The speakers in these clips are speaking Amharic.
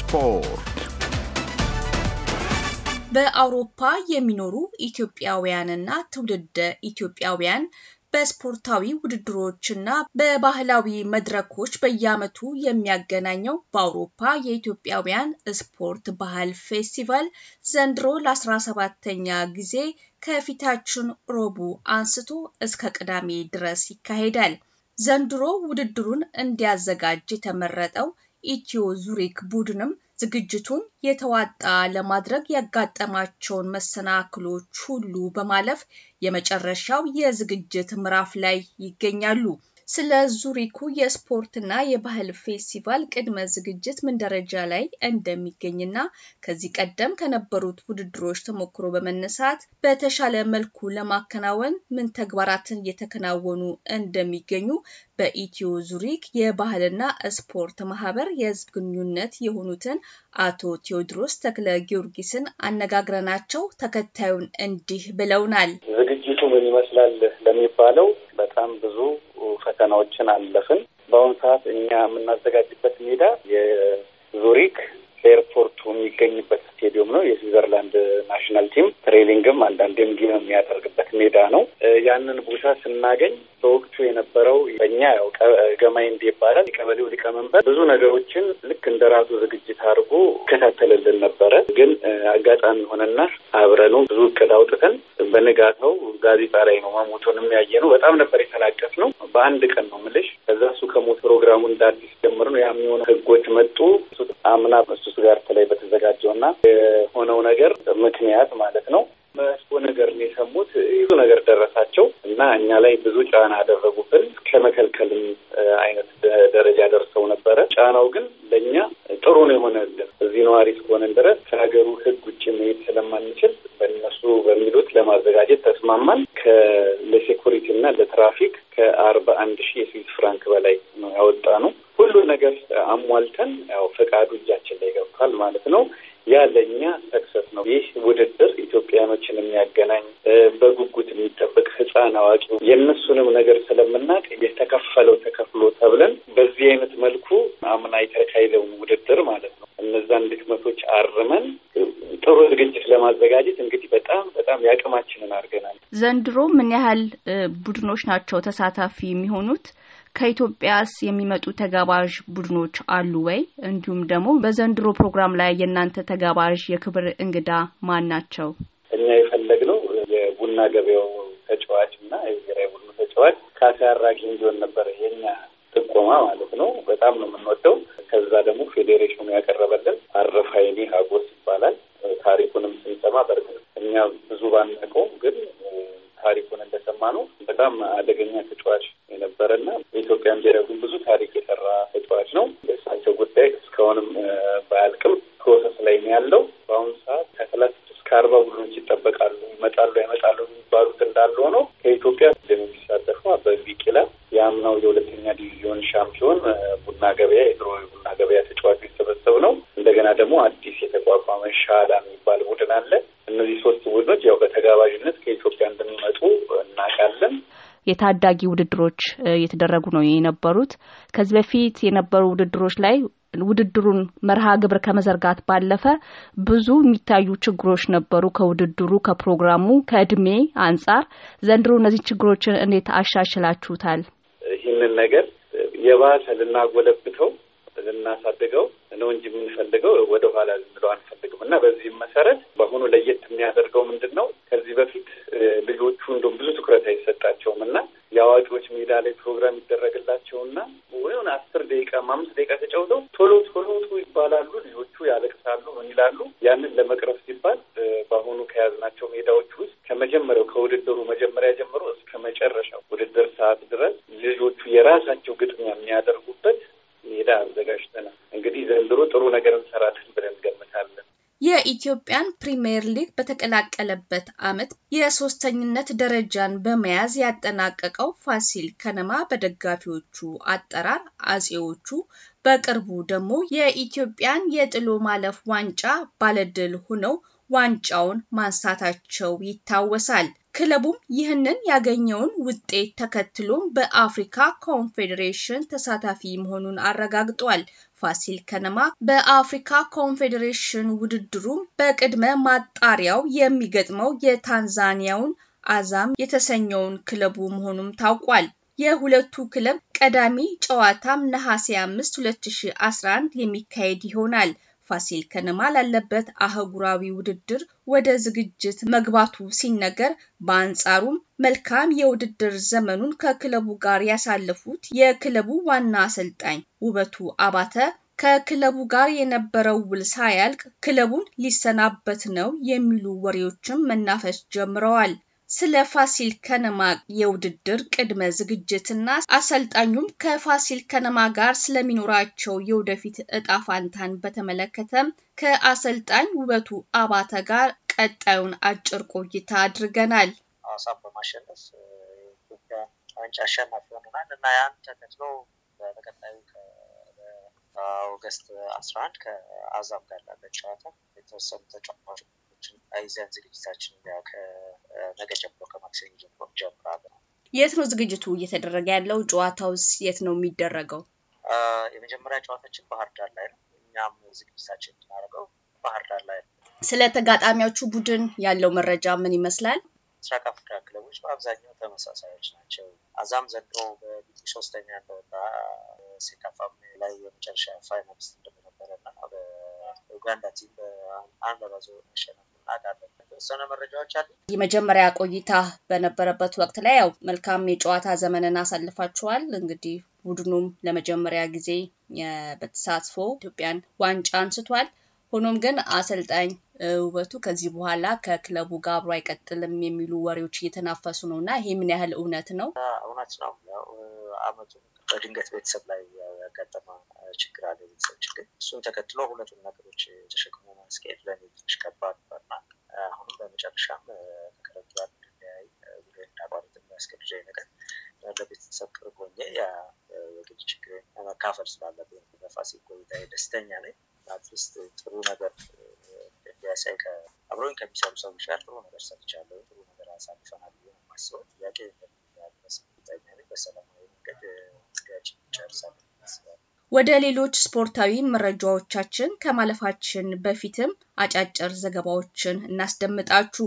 ስፖርት በአውሮፓ የሚኖሩ ኢትዮጵያውያንና ትውልደ ኢትዮጵያውያን በስፖርታዊ ውድድሮችና በባህላዊ መድረኮች በየዓመቱ የሚያገናኘው በአውሮፓ የኢትዮጵያውያን ስፖርት ባህል ፌስቲቫል ዘንድሮ ለ17ተኛ ጊዜ ከፊታችን ሮቡ አንስቶ እስከ ቅዳሜ ድረስ ይካሄዳል። ዘንድሮ ውድድሩን እንዲያዘጋጅ የተመረጠው ኢትዮ ዙሪክ ቡድንም ዝግጅቱን የተዋጣ ለማድረግ ያጋጠማቸውን መሰናክሎች ሁሉ በማለፍ የመጨረሻው የዝግጅት ምዕራፍ ላይ ይገኛሉ። ስለ ዙሪኩ የስፖርትና የባህል ፌስቲቫል ቅድመ ዝግጅት ምን ደረጃ ላይ እንደሚገኝና ከዚህ ቀደም ከነበሩት ውድድሮች ተሞክሮ በመነሳት በተሻለ መልኩ ለማከናወን ምን ተግባራትን እየተከናወኑ እንደሚገኙ በኢትዮ ዙሪክ የባህልና ስፖርት ማህበር የህዝብ ግንኙነት የሆኑትን አቶ ቴዎድሮስ ተክለ ጊዮርጊስን አነጋግረናቸው ተከታዩን እንዲህ ብለውናል። ዝግጅቱ ምን ይመስላል ለሚባለው በጣም ብዙ ፈተናዎችን አለፍን። በአሁኑ ሰዓት እኛ የምናዘጋጅበት ሜዳ የዙሪክ ኤርፖርቱ የሚገኝበት ስቴዲየም ነው። የስዊዘርላንድ ናሽናል ቲም ትሬሊንግም አንዳንዴም ጊም የሚያደርግበት ሜዳ ነው። ያንን ቦታ ስናገኝ በወቅቱ የነበረው በእኛ ያው ገማይ እንዲ ይባላል የቀበሌው ሊቀመንበር ብዙ ነገሮችን ልክ እንደ ራሱ ዝግጅት አድርጎ ይከታተልልን ነበረ። ግን አጋጣሚ ሆነና አብረኑ ብዙ እቅድ አውጥተን በንጋታው ጋዜጣ ላይ ነው መሞቱንም ያየ ነው። በጣም ነበር የተላቀስ ነው። በአንድ ቀን ነው ምልሽ። ከዛ እሱ ከሞት ፕሮግራሙ እንዳዲስ ጀምር ነው። ያ የሚሆነ ህጎች መጡ። አምና እሱ ጋር ተለይ በተዘጋጀው እና የሆነው ነገር ምክንያት ማለት ነው መጥፎ ነገር ነው የሰሙት። ብዙ ነገር ደረሳቸው እና እኛ ላይ ብዙ ጫና አደረጉብን። ከመከልከልም አይነት ደረጃ ደርሰው ነበረ። ጫናው ግን ለእኛ ጥሩ ነው የሆነ ነዋሪ እስከሆነን ድረስ ከሀገሩ ህግ ውጭ መሄድ ስለማንችል በእነሱ በሚሉት ለማዘጋጀት ተስማማን። ለሴኩሪቲ እና ለትራፊክ ከአርባ አንድ ሺህ የስዊስ ፍራንክ በላይ ነው ያወጣ ነው። ሁሉ ነገር አሟልተን ያው ፈቃዱ እጃችን ላይ ገብቷል ማለት ነው። ያ ለእኛ ሰክሰስ ነው። ይህ ውድድር ኢትዮጵያኖችን የሚያገናኝ በጉጉት የሚጠበቅ ህፃን አዋቂ የእነሱንም ነገር ስለምናውቅ የተከፈለው ተከፍሎ ተብለን በዚህ አይነት መልኩ አምና የተካሄደው ውድድር ማለት ዘንድሮ ምን ያህል ቡድኖች ናቸው ተሳታፊ የሚሆኑት? ከኢትዮጵያስ የሚመጡ ተጋባዥ ቡድኖች አሉ ወይ? እንዲሁም ደግሞ በዘንድሮ ፕሮግራም ላይ የእናንተ ተጋባዥ የክብር እንግዳ ማን ናቸው? እኛ የፈለግነው የቡና ገበያው ተጫዋች እና የብሔራዊ ቡድኑ ተጫዋች ካሴ አራጊ እንዲሆን ነበር የኛ ጥቆማ ማለት ነው። በጣም ነው የምንወደው። ከዛ ደግሞ ፌዴሬሽኑ ያቀረበልን አረፋይኒ ሀጎስ ይባላል። ታሪኩንም ስንሰማ በእርግጥ እኛ ብዙ ባናውቀውም ግን ታሪኩን እንደሰማ ነው በጣም አደገኛ ተጫዋች የነበረና በኢትዮጵያን ብሔራዊ ብዙ ታሪክ የሰራ ተጫዋች ነው። የእሳቸው ጉዳይ እስካሁንም ባያልቅም ፕሮሰስ ላይ ነው ያለው። በአሁኑ ሰዓት ከሰላሳ እስከ አርባ ቡድኖች ይጠበቃሉ። ይመጣሉ ያመጣሉ የሚባሉት እንዳለ ሆነው ከኢትዮጵያ የሚሳተፉ በቢቂላ የአምናው የሁለተኛ ዲቪዥን ሻምፒዮን ቡና ገበያ የድሮ ቡና ገበያ ተጫዋች የተሰበሰብ ነው። እንደገና ደግሞ አዲስ የተቋቋመ ሻላ የሚባል ቡድን አለ። እነዚህ ሶስት ቡድኖች ያው በተጋባዥነት ከኢትዮጵያ እንደሚመጡ እናውቃለን። የታዳጊ ውድድሮች እየተደረጉ ነው የነበሩት። ከዚህ በፊት የነበሩ ውድድሮች ላይ ውድድሩን መርሃ ግብር ከመዘርጋት ባለፈ ብዙ የሚታዩ ችግሮች ነበሩ፣ ከውድድሩ ከፕሮግራሙ፣ ከእድሜ አንጻር። ዘንድሮ እነዚህ ችግሮችን እንዴት አሻሽላችሁታል? ይህንን ነገር የባሰ ልናጎለብተው ልናሳድገው ነው እንጂ የምንፈልገው ወደኋላ ልንለው አንፈልግም። እና በዚህም መሰረት በአሁኑ ለየት የሚያደርገው ምንድን ነው? ከዚህ በፊት ልጆቹ እንደም ብዙ ትኩረት አይሰጣቸውም እና የአዋቂዎች ሜዳ ላይ ፕሮግራም ይደረግላቸውና ወይሆን አስር ደቂቃ አምስት ደቂቃ ተጫውተው ቶሎ ቶሎ ይባላሉ። ልጆቹ ያለቅሳሉ፣ ምን ይላሉ። ያንን ለመቅረፍ ሲባል በአሁኑ ከያዝናቸው ሜዳዎች ውስጥ ከመጀመሪያው ከውድድሩ መጀመሪያ ጀምሮ እስከ መጨረሻው ውድድር ሰዓት ድረስ ልጆቹ የራሳቸው ግጥሚያ የሚያደርጉበት ሜዳ አዘጋጅተናል። እንግዲህ ዘንድሮ ጥሩ ነገር እንሰራለን የኢትዮጵያን ፕሪምየር ሊግ በተቀላቀለበት ዓመት የሶስተኝነት ደረጃን በመያዝ ያጠናቀቀው ፋሲል ከነማ በደጋፊዎቹ አጠራር አጼዎቹ በቅርቡ ደግሞ የኢትዮጵያን የጥሎ ማለፍ ዋንጫ ባለድል ሆነው ዋንጫውን ማንሳታቸው ይታወሳል። ክለቡም ይህንን ያገኘውን ውጤት ተከትሎም በአፍሪካ ኮንፌዴሬሽን ተሳታፊ መሆኑን አረጋግጧል። ፋሲል ከነማ በአፍሪካ ኮንፌዴሬሽን ውድድሩም በቅድመ ማጣሪያው የሚገጥመው የታንዛኒያውን አዛም የተሰኘውን ክለቡ መሆኑም ታውቋል። የሁለቱ ክለብ ቀዳሚ ጨዋታም ነሐሴ 5 2011 የሚካሄድ ይሆናል። ፋሲል ከነማ ላለበት አህጉራዊ ውድድር ወደ ዝግጅት መግባቱ ሲነገር፣ በአንጻሩም መልካም የውድድር ዘመኑን ከክለቡ ጋር ያሳለፉት የክለቡ ዋና አሰልጣኝ ውበቱ አባተ ከክለቡ ጋር የነበረው ውል ሳያልቅ ክለቡን ሊሰናበት ነው የሚሉ ወሬዎችም መናፈስ ጀምረዋል። ስለ ፋሲል ከነማ የውድድር ቅድመ ዝግጅትና አሰልጣኙም ከፋሲል ከነማ ጋር ስለሚኖራቸው የወደፊት እጣ ፋንታን በተመለከተ ከአሰልጣኝ ውበቱ አባተ ጋር ቀጣዩን አጭር ቆይታ አድርገናል። ሐዋሳን በማሸነፍ የኢትዮጵያ ዋንጫ አሸናፊ ሆነናል እና ያን ተከትሎ በተቀጣዩ ከኦገስት አስራ አንድ ከአዛም ጋር ላለን ጨዋታ የተወሰኑ ተጫዋቾች ዝግጅታችን አይዘን ዝግጅታችን ከነገ ጀምሮ ከማክሰኞ ጀምሮ እንጀምራለን። የት ነው ዝግጅቱ እየተደረገ ያለው? ጨዋታውስ የት ነው የሚደረገው? የመጀመሪያ ጨዋታችን ባህር ዳር ላይ ነው። እኛም ዝግጅታችን የምናደርገው ባህር ዳር ላይ ነው። ስለ ተጋጣሚዎቹ ቡድን ያለው መረጃ ምን ይመስላል? ምስራቅ አፍሪካ ክለቦች በአብዛኛው ተመሳሳዮች ናቸው። አዛም ዘንድሮ በሊጉ ሶስተኛ እንደወጣ ሴካፋም ላይ የመጨረሻ ፋይናሊስት እንደነበረ እና በኡጋንዳ ቲም በአንድ ለባዶ መሸነፍ አውቃለሁ። የተወሰነ መረጃዎች አሉ። የመጀመሪያ ቆይታ በነበረበት ወቅት ላይ ያው መልካም የጨዋታ ዘመንን አሳልፋችኋል። እንግዲህ ቡድኑም ለመጀመሪያ ጊዜ በተሳትፎ ኢትዮጵያን ዋንጫ አንስቷል። ሆኖም ግን አሰልጣኝ ውበቱ ከዚህ በኋላ ከክለቡ ጋር አብሮ አይቀጥልም የሚሉ ወሬዎች እየተናፈሱ ነው እና ይሄ ምን ያህል እውነት ነው? እውነት ነው። አመቱ በድንገት ቤተሰብ ላይ ያጋጠመ ችግር አለ። ቤተሰብ ችግር፣ እሱን ተከትሎ ሁለቱም ነገሮች ተሸክሞ ማስኬድ ለኔ ትንሽ ከባድ ነበርና አሁንም በመጨረሻም ከረዱ ጋር እንድንያይ ብሎ እንዳቋርጥ የሚያስገድደኝ ነገር ለቤተሰብ ቅርብ ሆኜ የግል ችግሬን መካፈል ስላለብኝ በፋሲ ቆይታ ደስተኛ ነኝ። አትሊስት ጥሩ ነገር እንዲያሳይ አብረኝ ከሚሰሩ ሰዎች ጋር ጥሩ ነገር ሰርቻለሁ፣ ጥሩ ነገር አሳልፈናል ብዬ ነው የማስበው። ጥያቄ እንደሚያድረስ ጠኛ በሰላማዊ መንገድ ችግር ጨርሳለሁ ስላለ ወደ ሌሎች ስፖርታዊ መረጃዎቻችን ከማለፋችን በፊትም አጫጭር ዘገባዎችን እናስደምጣችሁ።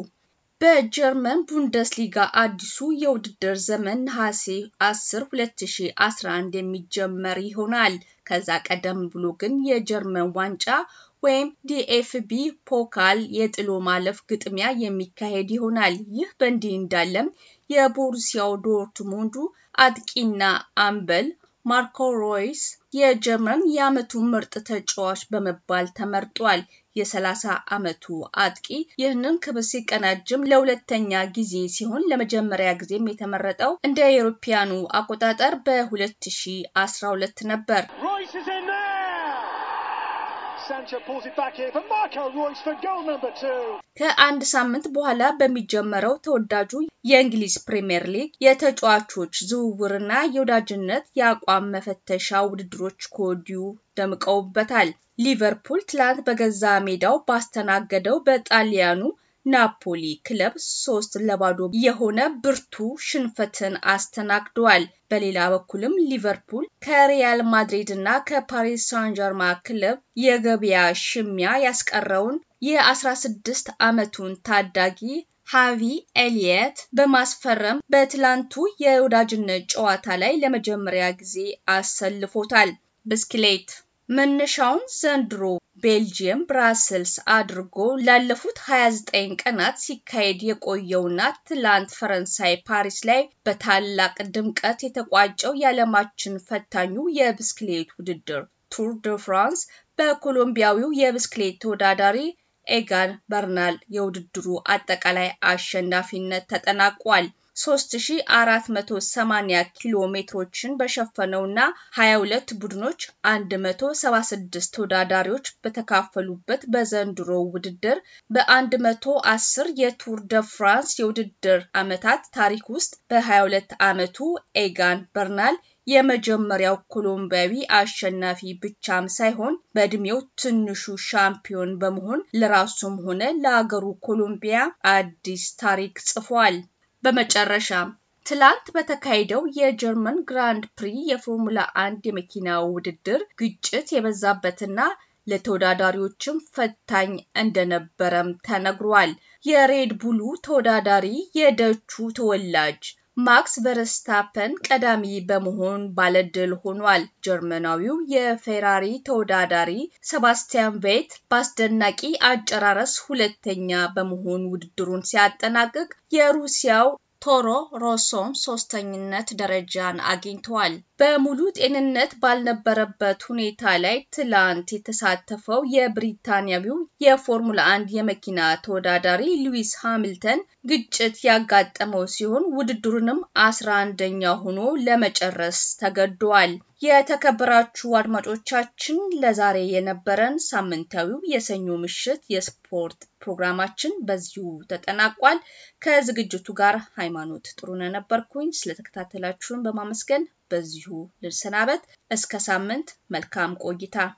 በጀርመን ቡንደስሊጋ አዲሱ የውድድር ዘመን ነሐሴ 10 2011 የሚጀመር ይሆናል። ከዛ ቀደም ብሎ ግን የጀርመን ዋንጫ ወይም ዲኤፍቢ ፖካል የጥሎ ማለፍ ግጥሚያ የሚካሄድ ይሆናል። ይህ በእንዲህ እንዳለም የቦሩሲያው ዶርትሙንዱ አጥቂና አምበል ማርኮ ሮይስ የጀርመን የዓመቱ ምርጥ ተጫዋች በመባል ተመርጧል። የሰላሳ ዓመቱ አጥቂ ይህንን ክብር ሲቀናጅም ለሁለተኛ ጊዜ ሲሆን ለመጀመሪያ ጊዜም የተመረጠው እንደ አውሮፓውያኑ አቆጣጠር በ2012 ነበር። ከአንድ ሳምንት በኋላ በሚጀመረው ተወዳጁ የእንግሊዝ ፕሪምየር ሊግ የተጫዋቾች ዝውውርና የወዳጅነት የአቋም መፈተሻ ውድድሮች ከወዲሁ ደምቀውበታል። ሊቨርፑል ትላንት በገዛ ሜዳው ባስተናገደው በጣሊያኑ ናፖሊ ክለብ ሶስት ለባዶ የሆነ ብርቱ ሽንፈትን አስተናግደዋል። በሌላ በኩልም ሊቨርፑል ከሪያል ማድሪድ እና ከፓሪስ ሳንጀርማ ክለብ የገበያ ሽሚያ ያስቀረውን የ16 ዓመቱን ታዳጊ ሃቪ ኤሊየት በማስፈረም በትላንቱ የወዳጅነት ጨዋታ ላይ ለመጀመሪያ ጊዜ አሰልፎታል። ብስክሌት መነሻውን ዘንድሮ ቤልጅየም ብራስልስ አድርጎ ላለፉት 29 ቀናት ሲካሄድ የቆየውና ትላንት ፈረንሳይ ፓሪስ ላይ በታላቅ ድምቀት የተቋጨው የዓለማችን ፈታኙ የብስክሌት ውድድር ቱር ደ ፍራንስ በኮሎምቢያዊው የብስክሌት ተወዳዳሪ ኤጋን በርናል የውድድሩ አጠቃላይ አሸናፊነት ተጠናቋል። 3480 ኪሎ ሜትሮችን በሸፈነውና 22 ቡድኖች 176 ተወዳዳሪዎች በተካፈሉበት በዘንድሮ ውድድር በ110 የቱር ደ ፍራንስ የውድድር ዓመታት ታሪክ ውስጥ በ22 ዓመቱ ኤጋን በርናል የመጀመሪያው ኮሎምቢያዊ አሸናፊ ብቻም ሳይሆን በእድሜው ትንሹ ሻምፒዮን በመሆን ለራሱም ሆነ ለአገሩ ኮሎምቢያ አዲስ ታሪክ ጽፏል። በመጨረሻም ትላንት በተካሄደው የጀርመን ግራንድ ፕሪ የፎርሙላ አንድ የመኪና ውድድር ግጭት የበዛበትና ለተወዳዳሪዎችም ፈታኝ እንደነበረም ተነግሯል። የሬድ ቡሉ ተወዳዳሪ የደቹ ተወላጅ ማክስ ቨርስታፐን ቀዳሚ በመሆን ባለድል ሆኗል። ጀርመናዊው የፌራሪ ተወዳዳሪ ሰባስቲያን ቬት በአስደናቂ አጨራረስ ሁለተኛ በመሆን ውድድሩን ሲያጠናቅቅ የሩሲያው ቶሮ ሮሶም ሶስተኝነት ደረጃን አግኝተዋል። በሙሉ ጤንነት ባልነበረበት ሁኔታ ላይ ትላንት የተሳተፈው የብሪታንያዊው የፎርሙላ አንድ የመኪና ተወዳዳሪ ሉዊስ ሃሚልተን ግጭት ያጋጠመው ሲሆን ውድድሩንም አስራ አንደኛ ሆኖ ለመጨረስ ተገዷል። የተከበራችሁ አድማጮቻችን ለዛሬ የነበረን ሳምንታዊው የሰኞ ምሽት የስፖርት ፕሮግራማችን በዚሁ ተጠናቋል። ከዝግጅቱ ጋር ሃይማኖት ጥሩነ ነበርኩኝ። ስለተከታተላችሁን በማመስገን በዚሁ ልሰናበት። እስከ ሳምንት መልካም ቆይታ